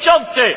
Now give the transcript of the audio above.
Przewodniczący!